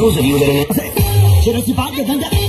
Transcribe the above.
knows of you. There is.